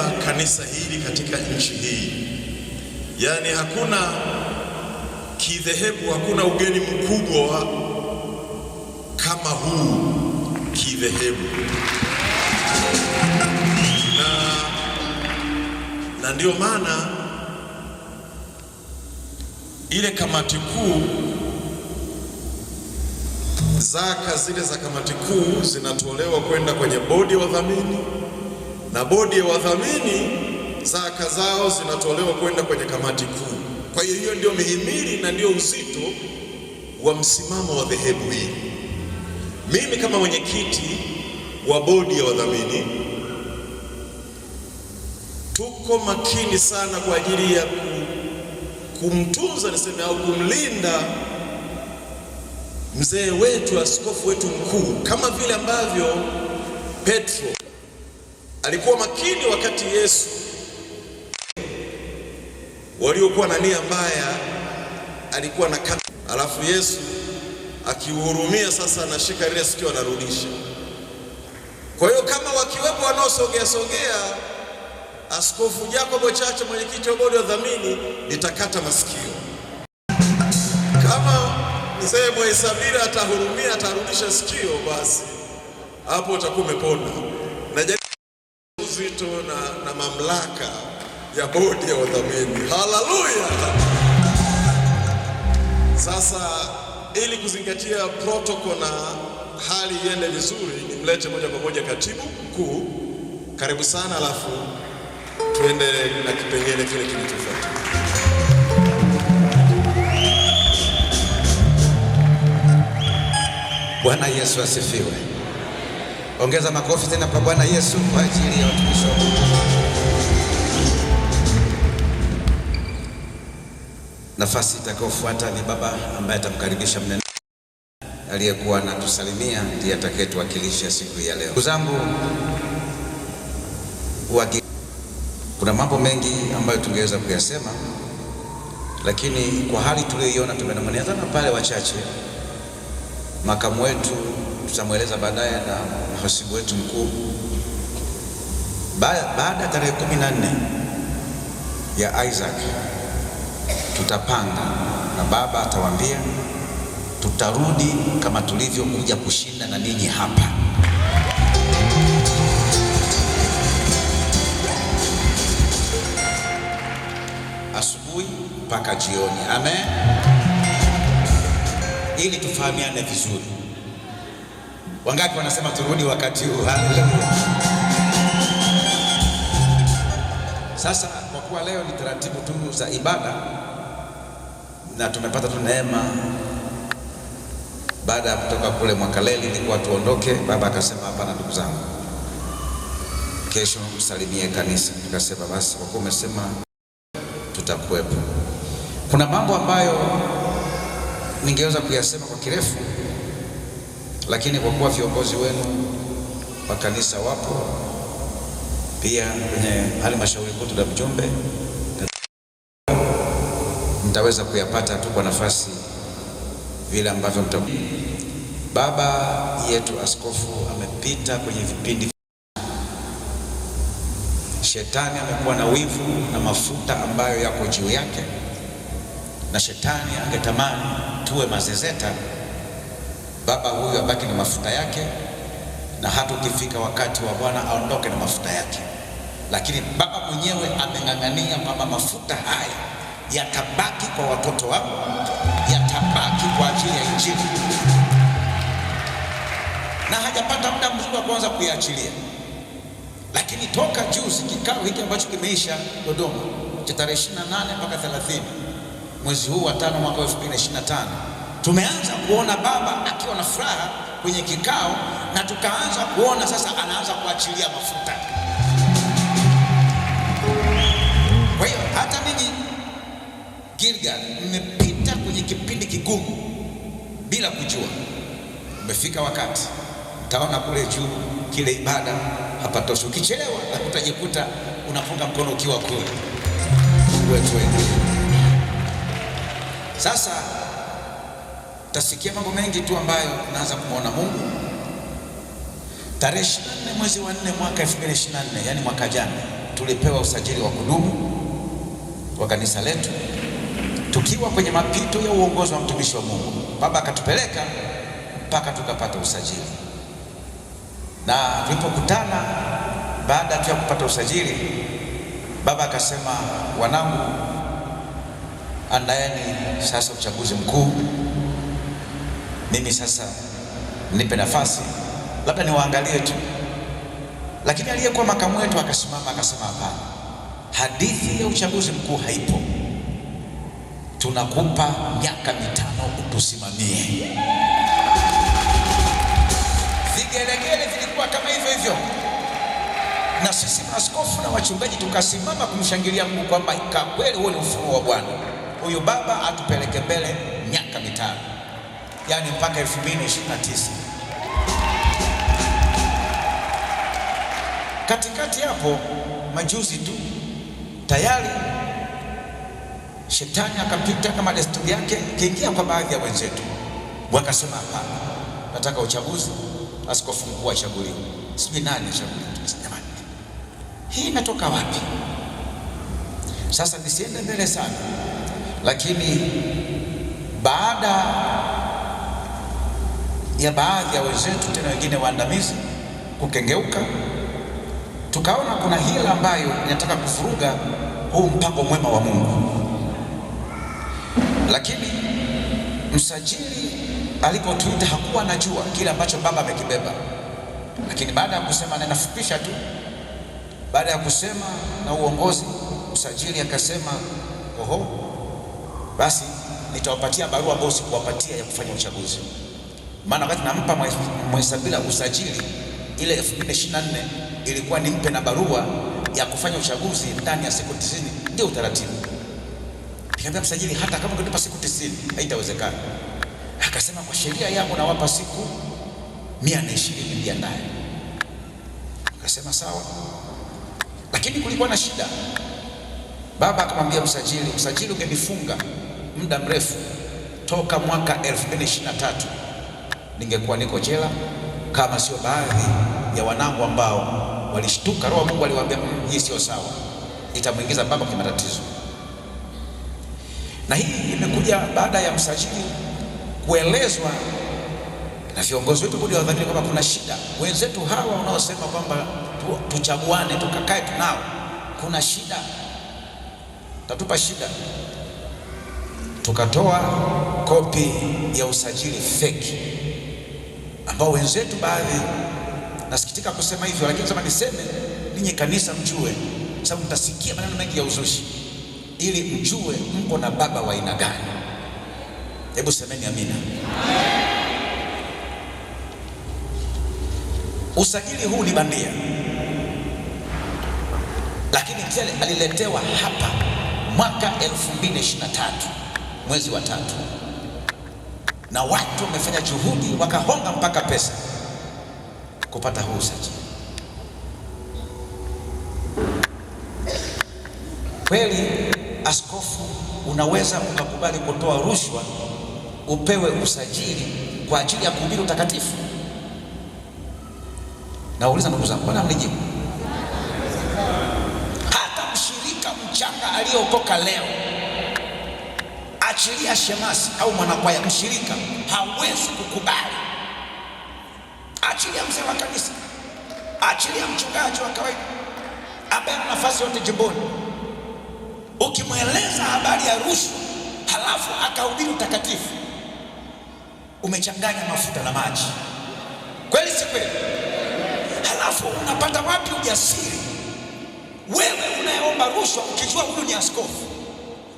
kulileta kanisa hili katika nchi hii. Yaani hakuna kidhehebu, hakuna ugeni mkubwa kama huu kidhehebu na, na ndio maana ile kamati kuu zaka zile za kamati kuu zinatolewa kwenda kwenye bodi ya wadhamini na bodi ya wadhamini zaka zao zinatolewa kwenda kwenye kamati kuu. Kwa hiyo hiyo ndio mihimili na ndio uzito wa msimamo wa dhehebu hili. Mimi kama mwenyekiti wa bodi ya wadhamini, tuko makini sana kwa ajili ya kumtunza niseme, au kumlinda mzee wetu, askofu wetu mkuu, kama vile ambavyo Petro alikuwa makini wakati Yesu waliokuwa na nia mbaya alikuwa na kata. Alafu Yesu akihurumia sasa, anashika lile sikio anarudisha. Kwa hiyo kama wakiwepo wanaosogea sogea, Askofu Jacob Chacha, mwenyekiti wa bodi ya dhamini, nitakata masikio. Kama mzee Mwaisabira atahurumia atarudisha sikio, basi hapo utakuwa umepona uzito na, na mamlaka ya bodi ya udhamini. Haleluya! Sasa ili kuzingatia protokol na hali iende vizuri, nimlete moja kwa moja katibu mkuu. Karibu sana, alafu tuende na kipengele kile kinachofuata. Bwana Yesu asifiwe. Ongeza makofi tena kwa Bwana Yesu kwa ajili ya watumishi wa Mungu. Nafasi itakayofuata ni baba ambaye atamkaribisha mnene aliyekuwa anatusalimia ndiye atakayetuwakilisha siku ya leo. Ndugu zangu, kuna mambo mengi ambayo tungeweza kuyasema, lakini kwa hali tuliyoiona tumenong'onezana pale wachache. Makamu wetu tutamweleza baadaye na mhasibu wetu mkuu, baada ya tarehe kumi na nne ya Isaac tutapanga na baba atawaambia, tutarudi kama tulivyokuja kushinda na ninyi hapa. Asubuhi mpaka jioni. Amen, ili tufahamiane vizuri. Wangapi wanasema turudi wakati huu? Haleluya! Sasa kwa kuwa leo ni taratibu tu za ibada na tumepata tu neema, baada ya kutoka kule Mwakaleli ilikuwa tuondoke, baba akasema hapana, ndugu zangu, kesho msalimie kanisa. Nikasema basi, kwa kuwa umesema tutakuwepo. Kuna mambo ambayo ningeweza kuyasema kwa kirefu lakini kwa kuwa viongozi wenu wa kanisa wapo pia kwenye halmashauri kuu la mjumbe mtaweza kuyapata tu kwa nafasi vile ambavyo mta. Baba yetu askofu amepita kwenye vipindi Shetani amekuwa na wivu na mafuta ambayo yako juu yake, na shetani angetamani tuwe mazezeta baba huyu abaki na mafuta yake, na hata ukifika wakati wa Bwana aondoke na mafuta yake. Lakini baba mwenyewe ameng'ang'ania kwamba mafuta haya yatabaki kwa watoto wako, yatabaki kwa ajili ya Injili, na hajapata muda mzuri wa kuanza kuiachilia Lakini toka juzi, kikao hiki ambacho kimeisha Dodoma cha tarehe 28 mpaka 30 mwezi huu wa tano mwaka 2025 Tumeanza kuona baba akiwa na furaha kwenye kikao, na tukaanza kuona sasa anaanza kuachilia mafuta. Kwa hiyo hata mimi Gilgal, mmepita kwenye kipindi kigumu bila kujua. Umefika wakati utaona kule juu kile ibada hapatoshi. Ukichelewa utajikuta unafunga mkono ukiwa kule. Sasa Tasikia mambo mengi tu ambayo unaanza kumwona Mungu. Tarehe 24 mwezi wa 4 mwaka 2024, yani mwaka jana, tulipewa usajili wa kudumu wa kanisa letu tukiwa kwenye mapito ya uongozi wa mtumishi wa Mungu. Baba akatupeleka mpaka tukapata usajili, na tulipokutana baada tu ya kupata usajili, baba akasema, wanangu, andaeni sasa uchaguzi mkuu mimi sasa nipe nafasi labda niwaangalie tu. Lakini aliyekuwa makamu wetu akasimama akasema, hapana, hadithi ya uchaguzi mkuu haipo, tunakupa miaka mitano utusimamie. Vigelegele vilikuwa kama hivyo hivyo, na sisi maaskofu na wachungaji tukasimama kumshangilia Mungu kwamba kweli huo ni ufunuo wa Bwana, huyu baba atupeleke mbele miaka mitano yani mpaka 2029. Katikati hapo majuzi tu tayari shetani akapita kama desturi yake, kaingia kwa baadhi ya wenzetu, wakasema hapana, nataka uchaguzi, askofu mkuu achaguliwe, sijui nani achaguliwe. Jamani, hii inatoka wapi? Sasa nisiende mbele sana, lakini baada ya baadhi ya wenzetu, tena wengine waandamizi, kukengeuka, tukaona kuna hila ambayo inataka kuvuruga huu mpango mwema wa Mungu. Lakini msajili alipotuita hakuwa anajua kile ambacho baba amekibeba, lakini baada ya kusema, ninafupisha tu, baada ya kusema na uongozi, msajili akasema, oho, basi nitawapatia barua ambayo sikuwapatia ya kufanya uchaguzi maana wakati nampa Mwaisabila usajili ile 2024 ilikuwa nimpe na barua ya kufanya uchaguzi ndani ya siku 90, ndio utaratibu. Nikamwambia msajili, hata kama ungenipa siku 90 haitawezekana. Akasema kwa sheria yangu nawapa siku 120 mjiandae. Akasema sawa, lakini kulikuwa na shida. Baba akamwambia msajili, usajili ungenifunga muda mrefu toka mwaka 2023 ningekuwa niko jela, kama sio baadhi ya wanangu ambao walishtuka. Roho Mungu aliwaambia hii sio sawa, itamwingiza baba kwenye matatizo. Na hii imekuja baada ya msajili kuelezwa na viongozi wetu bodi ya wadhamini kwamba kuna shida. Wenzetu hawa wanaosema kwamba tuchaguane tukakae, tunao kuna shida, tatupa shida. Tukatoa kopi ya usajili feki ambao wenzetu baadhi, nasikitika kusema hivyo, lakini sema niseme, ninyi kanisa mjue, sababu mtasikia maneno mengi ya uzushi, ili mjue mko na baba wa aina gani. Hebu semeni amina. Usajili huu ni bandia, lakini Tele aliletewa hapa mwaka 2023 mwezi wa tatu na watu wamefanya juhudi wakahonga mpaka pesa kupata huu usajili. Kweli askofu, unaweza ukakubali kutoa rushwa upewe usajili kwa ajili ya kuhubiri utakatifu? Nauliza ndugu zangu, bwana mnijibu. Hata mshirika mchanga aliyeokoka leo achilia shemasi au mwanakwaya mshirika, hawezi kukubali. Achilia mzee wa kanisa, achilia mchungaji wa kawaida ambaye ana nafasi yote jimboni, ukimweleza habari ya rushwa halafu akahubiri utakatifu, umechanganya mafuta na maji. Kweli si kweli? Halafu unapata wapi ujasiri wewe unayeomba rushwa ukijua huyu ni askofu?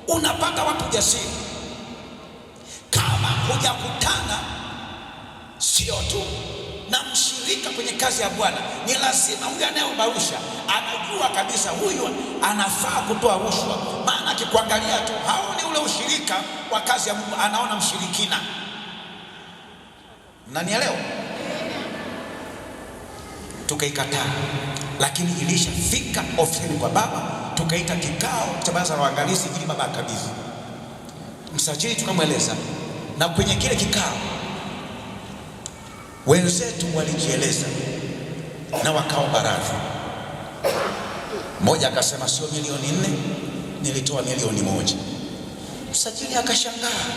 unapata watu jasiri. Kama hujakutana sio tu na mshirika kwenye kazi ya Bwana, ni lazima huyu anayebarusha anajua kabisa huyu anafaa kutoa rushwa, maana akikuangalia tu haoni ule ushirika wa kazi ya Mungu, anaona mshirikina. Nanielewa? Tukaikataa, lakini ilishafika ofisini kwa baba tukaita kikao cha baraza la waangalizi ili baba akabidhi msajili, tukamweleza. Na kwenye kile kikao wenzetu walikieleza na wakaomba radhi. Mmoja akasema sio milioni nne, nilitoa milioni moja. Msajili akashangaa,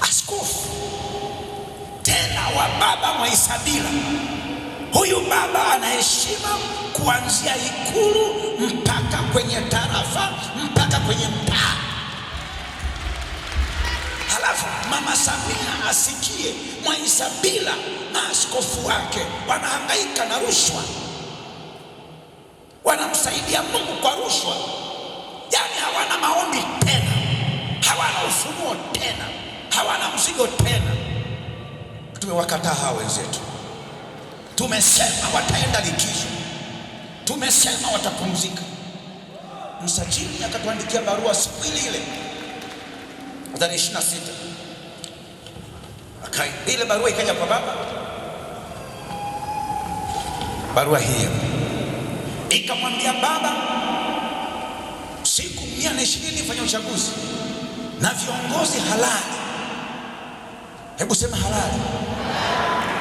askofu tena wa baba Mwaisabila Huyu baba ana heshima kuanzia Ikulu mpaka kwenye tarafa mpaka kwenye mtaa. Halafu mama Samia asikie Mwaisabila na askofu wake wanahangaika na rushwa, wanamsaidia Mungu kwa rushwa. Yani hawana maombi tena, hawana ufunuo tena, hawana mzigo tena. Tumewakataa hawa wenzetu. Tumesema wataenda likizo, tumesema watapumzika. Msajili akatuandikia barua siku ile ile tarehe 26 ile barua ikaja kwa baba. Barua hiyo ikamwambia baba, siku mia na ishirini fanya uchaguzi na viongozi halali, hebu sema halali,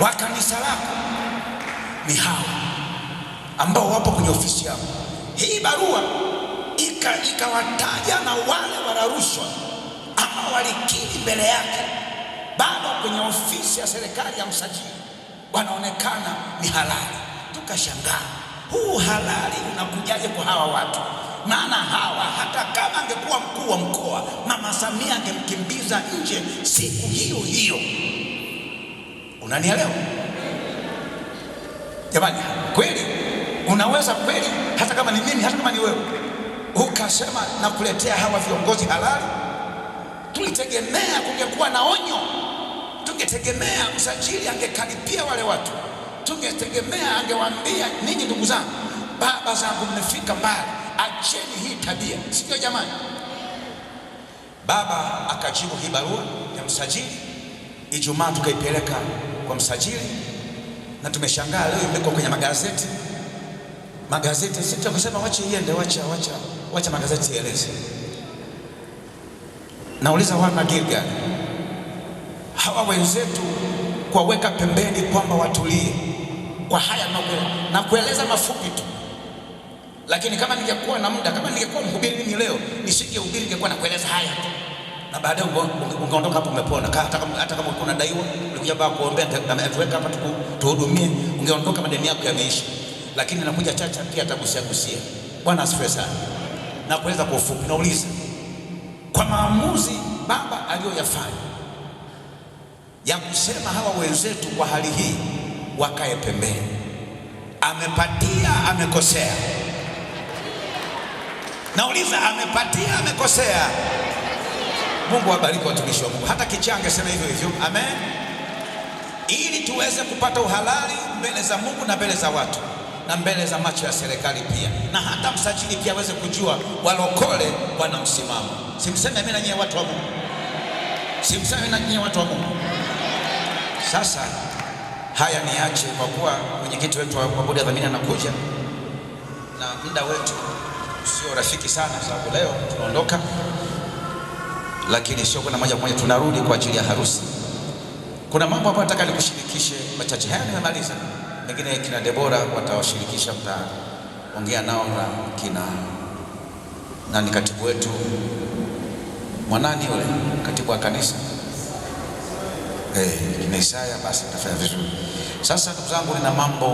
wa kanisa lako ni hao ambao wapo kwenye ofisi yao. Hii barua ikawataja na wale wanarushwa ambao walikiri mbele yake, bado kwenye ofisi ya serikali ya msajili wanaonekana ni halali. Tukashangaa, huu halali unakujaje kwa hawa watu? Maana hawa hata kama angekuwa mkuu wa mkoa Mama Samia angemkimbiza nje siku hiyo hiyo, unanielewa? Jamani, kweli unaweza kweli, hata kama ni mimi, hata kama ni wewe, ukasema na kuletea hawa viongozi halali? Tulitegemea kungekuwa na onyo, tungetegemea msajili angekaripia wale watu, tungetegemea angewaambia, ninyi ndugu zangu, baba zangu, mmefika mbali, acheni hii tabia, sio jamani? Baba akajibu hii barua ya msajili Ijumaa, tukaipeleka kwa msajili na tumeshangaa leo imekuwa kwenye magazeti magazeti. Sisi tunakusema wacha iende, wacha wacha wacha magazeti yaeleze. Nauliza wana Gilgal, hawa wenzetu kwaweka pembeni kwamba watulie kwa haya na kueleza mafupi tu, lakini kama ningekuwa na muda, kama ningekuwa mhubiri mimi leo nisingehubiri, ningekuwa na kueleza haya na baadaye ungeondoka hapo umepona. Hata kama ulikuwa unadaiwa, ulikuja baba kuombea, ametuweka hapa tuhudumie, ungeondoka madeni yako yameisha. Lakini nakuja Chacha pia atagusia gusia. Bwana asifiwe sana. Na kuweza kwa ufupi, nauliza kwa maamuzi baba aliyoyafanya ya kusema hawa wenzetu kwa hali hii wakae pembeni, amepatia amekosea? Nauliza, amepatia amekosea? Mungu awabariki watumishi wa Mungu. Hata kichanga sema hivyo hivyo, amen, ili tuweze kupata uhalali mbele za Mungu na mbele za watu na mbele za macho ya serikali pia, na hata msajili pia aweze kujua walokole wana msimamo. Simseme mimi na nyie watu wa Mungu, simseme na nyie watu wa Mungu. Sasa haya niache, kwa kuwa mwenyekiti wetu wa bodi ya dhamini anakuja na muda wetu sio rafiki sana, sababu leo tunaondoka lakini sio kuna moja kwa moja tunarudi kwa ajili ya harusi. Kuna mambo ambayo nataka nikushirikishe machache, haya nimemaliza, mengine kina Debora watawashirikisha, mtaongea nao na kina nani, katibu wetu mwanani yule katibu wa kanisa eh, kina Isaya, basi tutafanya vizuri. Sasa ndugu zangu, nina mambo